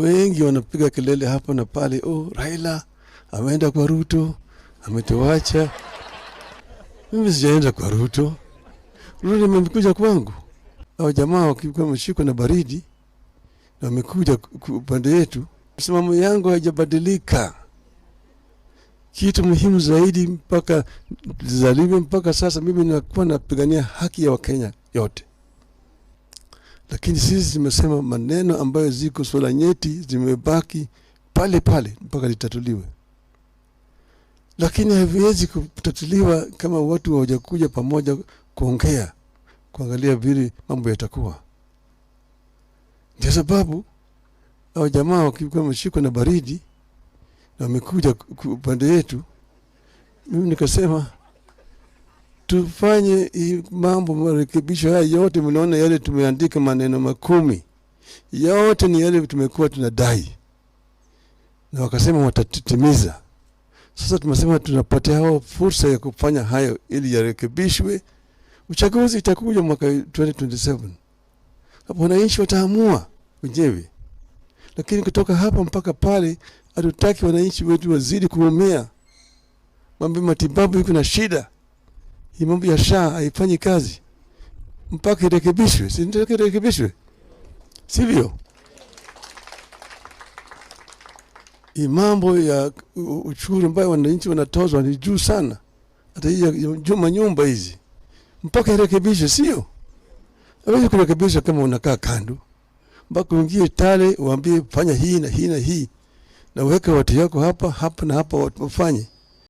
wengi wanapiga kelele hapa na pale, oh, Raila ameenda kwa Ruto, ametuacha. Mimi sijaenda kwa Ruto, Ruto amekuja kwangu. Au jamaa wakikuwa mshiko na baridi na wamekuja upande yetu, msimamo yangu haijabadilika. Kitu muhimu zaidi mpaka zalivyo mpaka sasa, mimi nakuwa napigania haki ya Wakenya yote lakini sisi tumesema maneno ambayo ziko swala nyeti zimebaki pale pale mpaka litatuliwe, lakini haviwezi kutatuliwa kama watu hawajakuja pamoja kuongea, kuangalia vile mambo yatakuwa. Ndio sababu au jamaa wakikuwa wameshikwa na baridi na wamekuja upande yetu, mimi nikasema tufanye mambo marekebisho haya yote. Mnaona yale tumeandika maneno makumi yote ni yale tumekuwa tunadai, na wakasema watatimiza. Sasa tumesema tunapatia hao fursa ya kufanya hayo ili yarekebishwe. Uchaguzi itakuja mwaka 2027 hapo wananchi wataamua wenyewe, lakini kutoka hapa mpaka pale hatutaki wananchi wetu wazidi kuumia. Mambo matibabu iko na shida hii mambo ya SHA haifanyi kazi mpaka irekebishwe, si ndio? Irekebishwe, sivyo? mambo ya ushuru ambayo wananchi wanatozwa ni juu sana, hata juma nyumba hizi mpaka irekebishwe, sio? Hawezi kurekebisha kama unakaa kando mpaka uingie tale uambie fanya hii na hii na hii, na uweke watu yako hapa hapa na hapa, wafanye